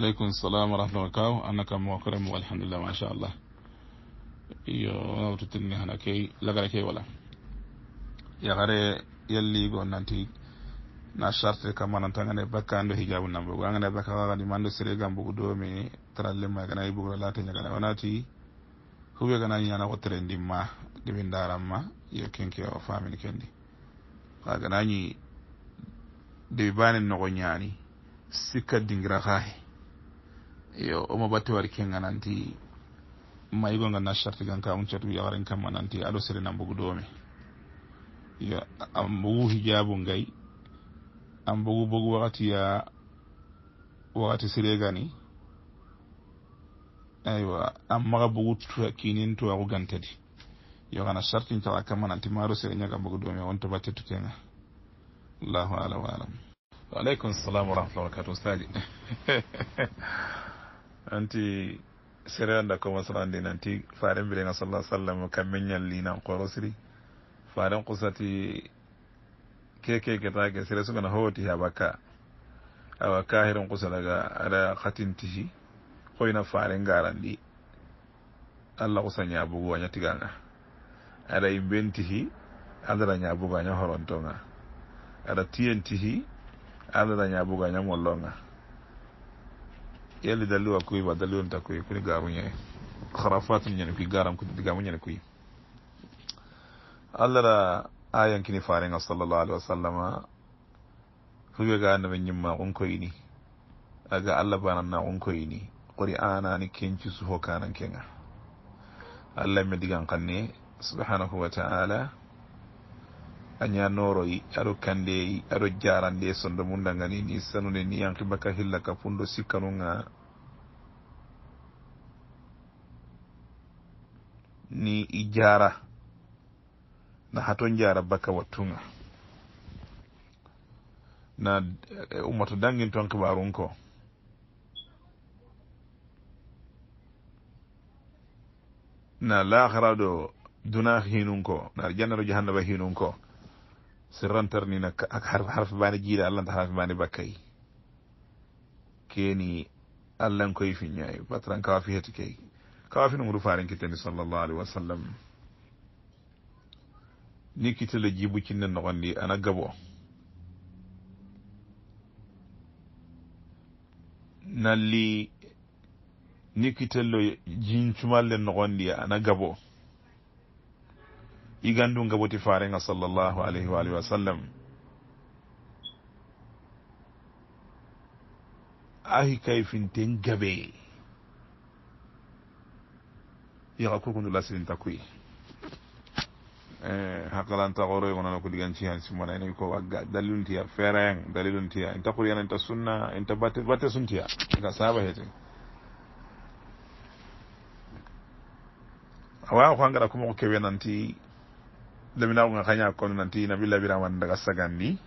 aleykum salam warahmatulah wabarakatu annaka mokare mo alhamdulillah machallah yo wonawtotirni hana key lagara key wala yahare yalligo nanti na charte ka mananta ngane bakka ando hijabu nambogo angane bakka wagani mando sere gambogo domi trallema gana yibogoro e late ñagane wonati huɓe gana ñana wottere ndimma ndimi daranma yo kenke o famini kendi ha ganañi debi bane nogo ñani sikka dingira haye yo omo batte wari kenga nanti nga na charte gan ka un certu yagaren kam nanti ado sere nan bogu doome yo am bugu hijabu ngay bugu bogu bogu wakatiya wakati gani aywa an maga bogu kinin tuwaku gantadi yo gana chartin tawa kam nanti maro sere ñaga bugu doome on to batte tu kenga allahu ala wa alam Wa alaikum salam rahmatullahi wa barakatuh. anti sereyanda koma sarandi nanti faren birenga sala sallam kamme ñallinan koro siri faren kusati keke ke ta ketake sere ya baka awa ka awa kahiren kusadaga ada hatintihi hoyna faren garandi allah kusa ñabugu aña tigana ada yimbentihi adara ñabugu aña horontonga ada tiyentihi adara ñabugu aña mollonga yalli dalliwa kuy wa dalliwonta kuy kuni gaaruñe harafatuñ ñani kuy garam kuti digamu ñani kuy allah ra ayankini farenga sall allahu alih wa sallama ruwe ga andame ñimma gonkoyini aga allah bananna gonkoyini qori anani kenci suho kanan kenga allah me digan kanne subhanahu wa taala a ñanoroyi aɗo kandeyi aɗo jarande e sondo mundaga ni ni sanude ni yankibaka hillaka fundo sikkanuga ni i jara na hato jara baka wattuga na e, ummato dangin ton kibarun ko na lahara ɗo duna hinun ko na janaro jahannaba hinun ko sirrantarnina harfibani jiiɗa allahta harfibani bakkay keni allahn koye fiñayi batran kawa fi heti key kawa fino muɗu faren kitteni sallllahu alayhi wa sallam ni kittele jibu na nogondi ana gabo nalli ni na wani a ana gabo igandu ngaboti farenga sallllahu alayhi walihi wa sallam ahi kayfinten gabe yaha kokondula sirin ta koy eh, hakalanta xoroye gonano ko digantihan simana ina ko wagga dalilontiya ferayan dalilontiya inta xuryana inta sunna inta batte batte suntiya ga saba hete awa xangara kumoxo keɓenanti leminaxunga xa ñakono nanti na nabila biraman daga sagandi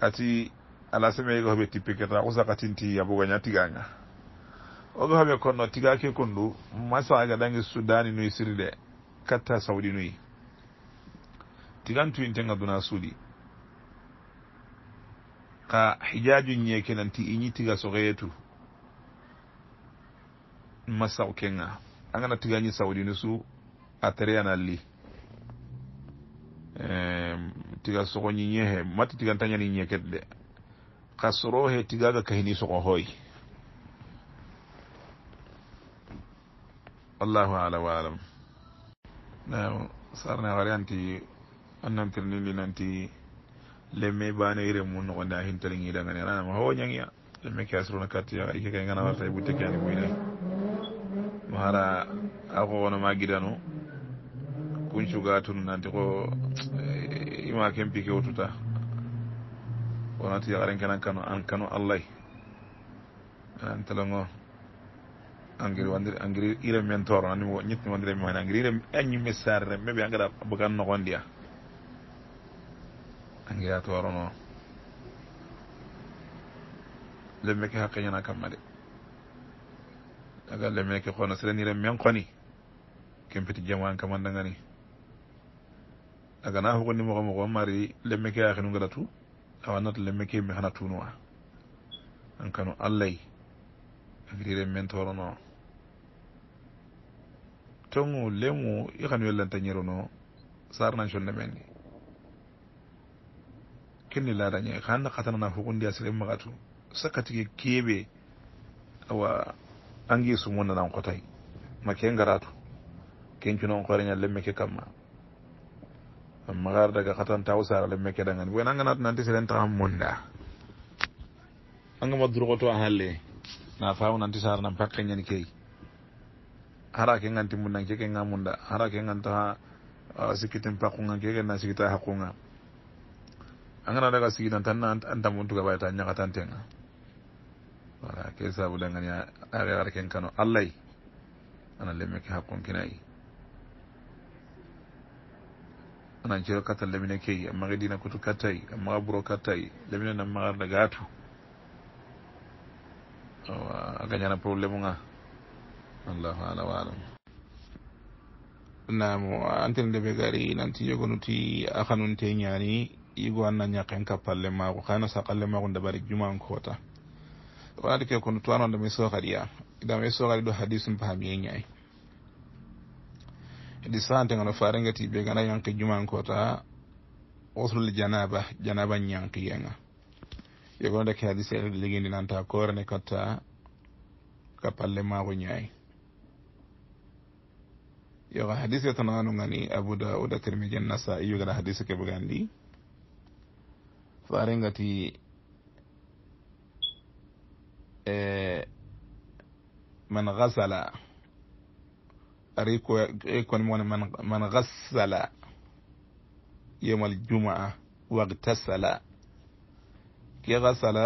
ati ala semeyega hoɓe tippe keta xusakatinti a bogaña tigaña oga hoɓe konno tiga ke kondu masaga dangi sudani nuy siri de katta saudi nuy tigantuyintenga duna suudi ka hijaju ñeke nanti iñi tiga soxeyetu masaw kenga angana tigañi saudi nu su a tereyana li tiga soxo ñiñe xe mati tigantañani ñeket de xa soro xe tigaga kahini soxo xooy wallahu ala waalam naam sarne xare anti a nantir ni li nanti leme baane i remu noxone a xintaling idangane ranam xawo ñangya leme ke a suruna katiya ay kekay nganawa fay bu tekeani buyna maxara a xoxona ma gidanu kuncuga tun nanti ko eh, ima ken pike wututa wonati yakaren kenan kano an kano allahy an telongo angir wandiri angiri ire men toro nani ñitti wandire mi mani angiri me bi sarre bukan angada bagan nogondiya angiri a torono lemme ke hakke ñana kamma de daga lemme ke kono serenire men koni kempiti jam kamandangani agana fogo ni moxo moxo mari lemme ke axinu ngaratu awa nata lemme ke me xana tunuwa ankanu allay agirire men torono tongu lemu i xan wellante ñerono sar nan cole men ni kenni ladañe xan xatanana fogondi a sere maxatu sakatige keɓe awa angi sumo nanan xotay ma ke ngaratu ken cunon xoreña lemme ke kamma magar daga khatan taw sara le meke dangan wen wena ngana nanti silen tam munda anga madrugo to halle na faaw nanti sara nan pakke nyen kee hara ke nganti munda ke ke munda hara ke nganta eh, sikitin pakku nga ke na sikita hakunga anga daga sikita tan anta muntu ga bayta nyaka tan tenga wala ke sabu dangan ya ara ara ken kano allai ana le meke hakun kinai nanciro katta lamine key a maxa dina kutu kattay a maxa buro kattay lamine na maxar da gaatu awa a gañana probléme nga allahu ala wa alam nam antene ndeɓe gari nanti yogonuti a xanunte ñaani yigo anna ñaqen kappalle maaku xana saqalle maaku ndaɓari jumankoota wanati ke konu towanoo ndame sooxaɗi a ndame sooxaɗi ɗo hadis um paamie ñaayi di sante gano farengati ɓe gana yanki jumankota otrule janaba janaba ñanki yenga yegonde kadi seeɗede liguidi nanta korene katta kapalle mako ñaayi yoko hadis e tananu gani abou daouda termidien nasa i yogata hadise keɓgandi farengati e man gasala arikon mon man ghassala yawm aljumaa wagtasala ke ghassala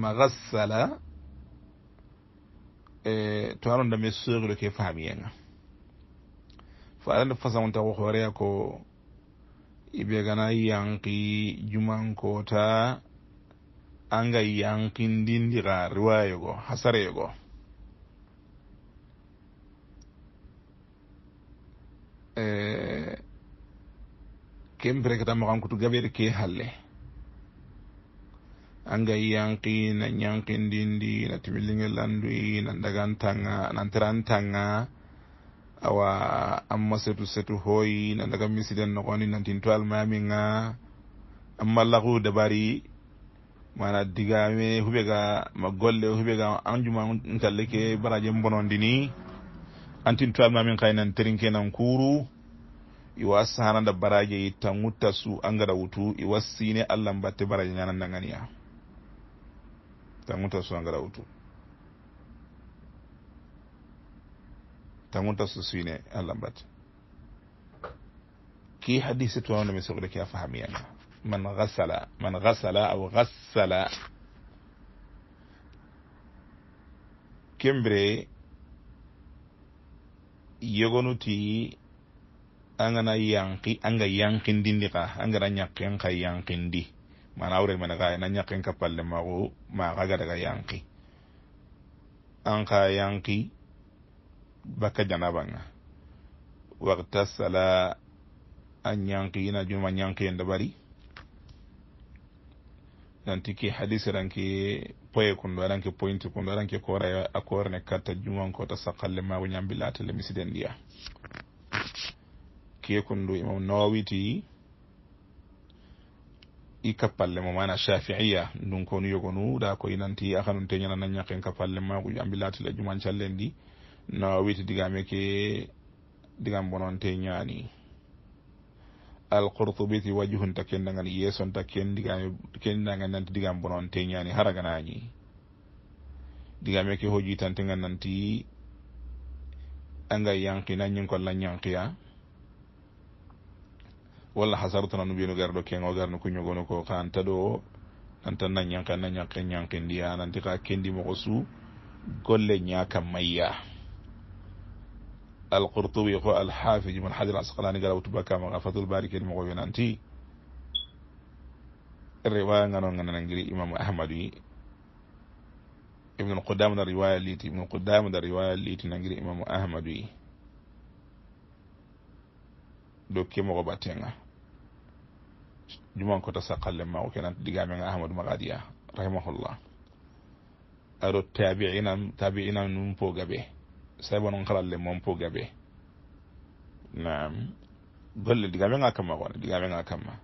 ma ghassala to haronda da sogiro ke faamiyenga fa arande fasagonta ko hooreya ko ibe gana yanki kota anga go hasare go E, kembireke tan makankutu gaɓere ke halle angay yanki na ñankindindi na timilliŋe landu na dagantaŋa nantirantaŋa awa amma setu setu hoyi na daga misiden nogoni nantinto almaminŋa amma lagu dabari mana digame huɓe ga ma golle huɓe ga anjuma ntalle ke baraje bonondini antin tuwamamin kaynan trinkenan kuru iwa sananda baraje tanwutta su an gada wutu iwa sine allah n batte baraje nanan danganiya tanwutta su an gada wutu tanwutta su sine allah n batte ki hadise tuwamanda mi sogoda kiya fahamiyanga man gasala man gasala aw gasala kembre yegonuti a ngana yanki a nga yankindindi xa a ngana ñakken xa yankindi mana wure mene xa na ñakken ka palle maxu ma xa ga daga yanki an xa yanki bakka janabanga waxta sala a ñanki ina juma ñankiyen da bari nanti hadisi ranki poye kumbe aranki pointi kumbe aranki kora ya a korne katta juman kota sakalle ma bilata le misiden dia kiye kundu imam nawawi i kappalle mo mana shafi'iya ndun konu yogonu da ko inanti akhanun te nyana nanya ken kapalle ma ko le juma callen nawawi ti digame ke digam bononte nyani Al alqurtubiti wajhunta kendagan yesonta kendagan nanti digam bononte ñani haraganañi digame ke hojitantegan nanti anga yankina ya wala ñankiya walla hasartunanu gardo ken o garno kuñogono ko ka anta ɗo nanta na ñanka na nyanki ndiya ya nanti ka kendi mogo su golle ña mayya القرطبي هو الحافظ من حجر العسقلاني قال وتبكى كما فتح الباري كلمة أنت الرواية نانون نانجري إمام أحمد ابن القدام دا الرواية ليتي ابن القدام دا الرواية ليتي نانجري إمام أحمد دوكي مغباتينا جمعان كتا ساقل لما وكانت دقامين أحمد مغادية رحمه الله أرو تابعينا تابعينا نمبو قبيه saybo noon kalal le mompo gabe nam golle digamega kamma kon digamega kamma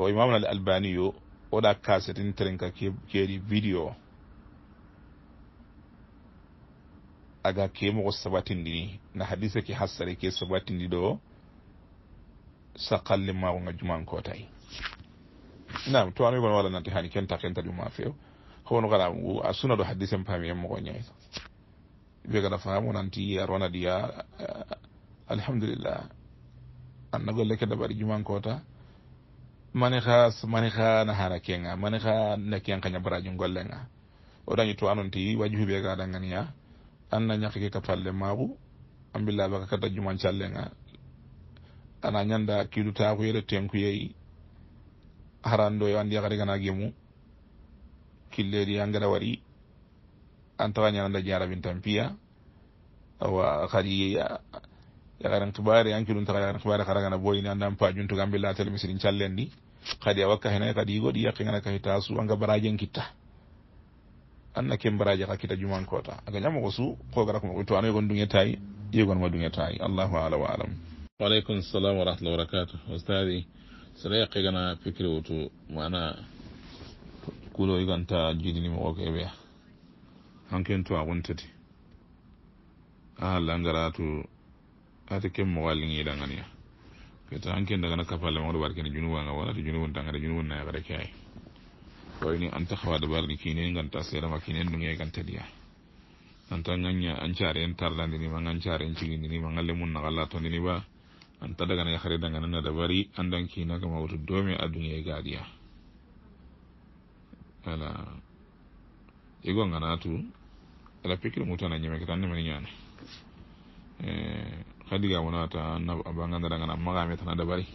o imamu al albani yo oɗa kasetin trenka keeri video aga kemogo sabatindini na hadise ke hassare ke sabatindi ɗo sakalle mago ga juman kotay nam to anoygon walanati hani kentakenta juma few howono gara ngu a sunaɗo hadise pami emogo ñayta wegata faamu nanti yiya rona diya alhamdulillah anna golleke daɓari jumankota mani ha mani ha nahana kenga mani ha nakken kaña baraju gollenga o dañi to anon ti wajuhi ɓegaɗanganiya anna ñakake ka palle mabu ambillaɓaka kata juman callenga ana ñanda kiidu takuyeɗe tenkuyeyi haranndoyo andiyakadiganagimu killeɗi angeɗa waɗi antawanya na jarabin tampia wa kadi ya garan kibari an kilun ta garan kibari karaga na boyi nan dan fajun tu gambe latal misirin challendi ni kadi awaka hina kadi godi ya kingana ka hitasu an ga barajen kitta anna kem baraja ka kita juman kota aga nyama ko su ko gara ko to anoy gon dunge tayi yegon ma dunge tayi allahu ala wa alam wa alaikum assalam wa rahmatullahi wa barakatuh ustadi sare qigana fikri wutu mana kulo iganta jidini mo ko kebe ya. hanken to a wontati a halla ngara to ata ken mowalli ngiɗanganiya kata hanken dagana kapalle mawɗo baɗa kene junuwanga wona to junuwon tangada junuwon nayaɓada keyay wayni an taxawade barni kinen ganta seerama kinen ɗu ngey gantadiya anta ganña ancare en tardandinima ancare en ciguindinima galle mum naxalla tondiniba anta dagana yaxare dangana nada bari andan kinaka mawoto doome adduŋe gaadiya wala igo ngana tu ala pekil mutana nyeme kita nyeme ni nyane khadi eh, ga wona ta na abanga ngana maga me tana dabari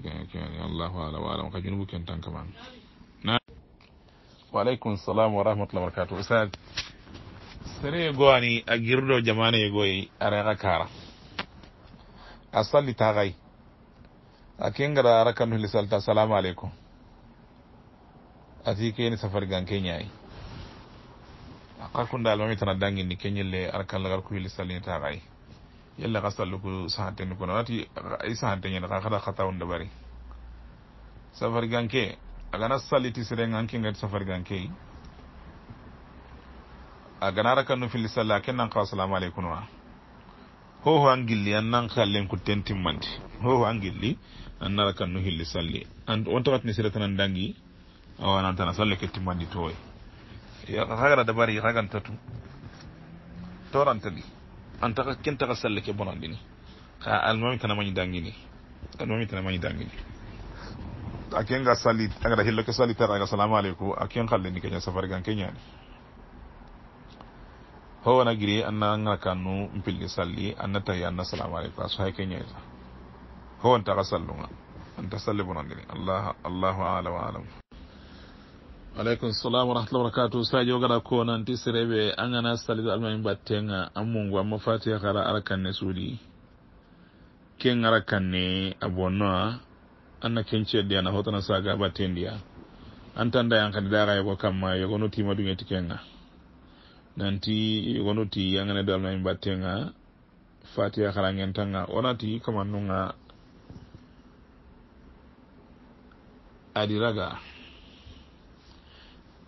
ga ke Allahu ala wa alam kajunu buken tan kaman na wa alaikum salam wa rahmatullahi wa barakatuh ustad sere goani agirdo jamane goyi ara kara asalli ta gai akengara rakanu lisalta assalamu alaikum ati keni safar gan kenya yi hakkundal mami tan a dangini keñelle arakallagal ko yelli sallinita kay yelle ka sallu ko sahanteni kono wati ay sahanteñen ka kata katawnde ɓari safari ganke agana salliti sere ganke gati safari ganke agana rakanno filli salla ken nanka assalamu aleykum wa hoho an gilli an nanka lenkuten timmanti hoho an gilli an narakanno hilli salli an on tagatini sere tanan dangi awanantana salle ke timmanɗi toye hagara dabari hagantatu torantadi ta kentaka salle ke bonandini ka almami tana mañi dangini almami tana dangi dangini a ga sali agada hillo ke sali tara ga salamu alaikum a kallin ni keña safar gan an na ga kanu ngara kannu mpilli an anna tahi na salamu aleykum a sohay keñayta howantaka sallunga anta salle bonandini allah allahu ala wa alam aleykum salam warahmatullah wabarakatu sadio gara ko nanti sereɓe agana salido almami mbattenga ammungu amma fati hara arakanne suudi ken arakanne abonnoa anna kenceddiana hotana saga battendiya antanda yankadi daga yogo kamma yogo notima duñeti kenga nanti yogo noti aganedo almami mbattenga fatiha hara gentanga onati comandunga adiraga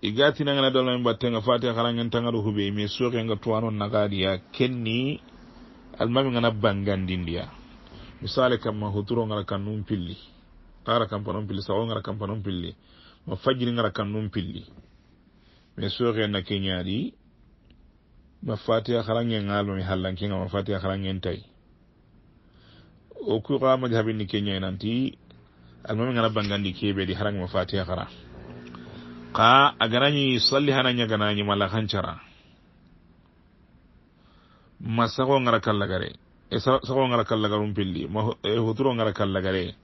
i ga tinangana dalai battenga fatiha harangen tangaro hube mi soke nga tuwano nagadiya kenni almami ngana bangandindiya misale kamma huturo ngara kan num pilli ara kampa num pilli sawo ngara kampa num pilli ma fajiri ngara kan num pilli mi soke na kenyadi ma fatiha harangen ngalo mi hallankenga ma fatiha harangen tai o kuqa majhabi ni kenyai nanti almami ngana bangandi kebedi harangi ma fatiha harangen ka a garanyi salli hana nya gana nyi mala hanchara ma sako ngara kalla gare e sako ngara kalla garum pilli ma e hoturo ngara kalla gare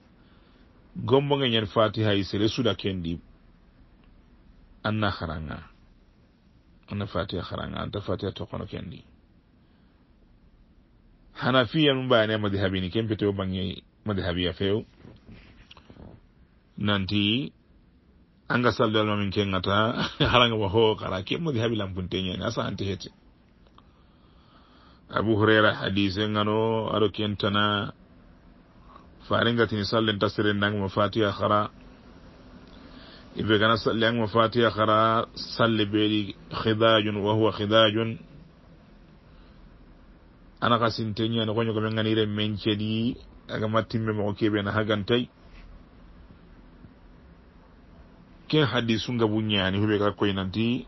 gombo nga nyar fatiha yi sere suda kendi anna kharanga anna fatiha kharanga anta fatiha tokono kendi hana fiya mun bayane madhhabi ni kempe to bangi madhhabi ya feu nanti anga sal del mamin kengata haranga wa hokara kemmo di habilam kun tenye na sa ante hete abu hurera hadise ngano aro kentana faringa tin sallen tasire ndang mo fatiha khara ibe gana sallen mo fatiha khara salle beri khidajun wa huwa khidajun ana kasin tenye na gonyo gomen ngani re menche di aga matimme mo kebe na hagantai ke hadisu nga bunyani hube ka koy nanti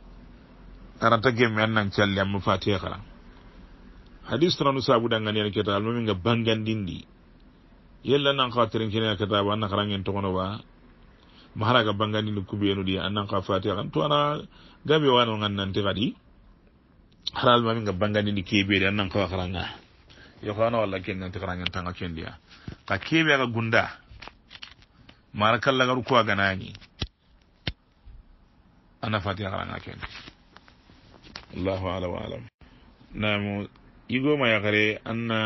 aranta gemme nan cialle am fatiha ya kala hadis tana sabu abu yang ne kitab almomin ga bangandin di yella nan khatirin kina kitab annan karangin to kono ba mahara ga bangandin di beenu di nan kha fatiha ya kan. to ana gabe wani ngan nan ti gadi halal mamin ga ke di an nan kha khara nga ah. yo ya kana wala ken nan khara ngeen tanga ken dia ka kebe ga gunda mara kallagar kuwa ganani a nafaati a xarana kene allahu ala wa alam namo igoma yaxare an na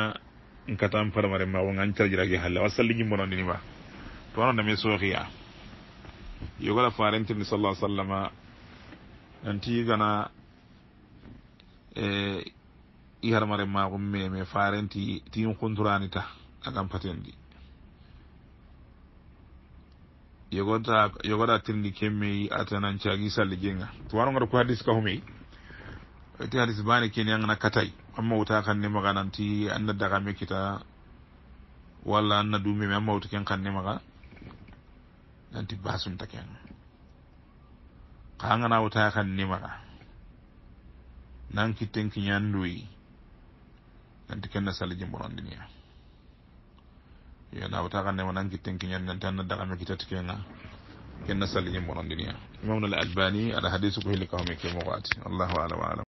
n katan paramare ma wonga n carjira ke xalle wa salliñim bonondini ba toano name sooxiya yogola farentir ni sala sallama nanti gana e, i harmare maxum meme farenti tin xunturanita agan patendi yogota yogota tirndi kemmeyi atanan cagi salle jeyga to wanogata ko hadis ka homeyi ti hadis bane keni angana katay amma wuta kan ne maga nan ti anna daga me kita walla anna dumi me amma wuta ken kan ne maga nan ti basum ta ken ka angana wuta kan ne maga nan kitten kinyan duyi nan ti kenna salle jimbo non diniya yalaw taxa ne wonan gittenki ñannen tan na daxame ki tati kenga kenna sali im bonondiniya imam nal albani ala hadisu ko hilli kaxome ke moxo ati allahu alam wa alam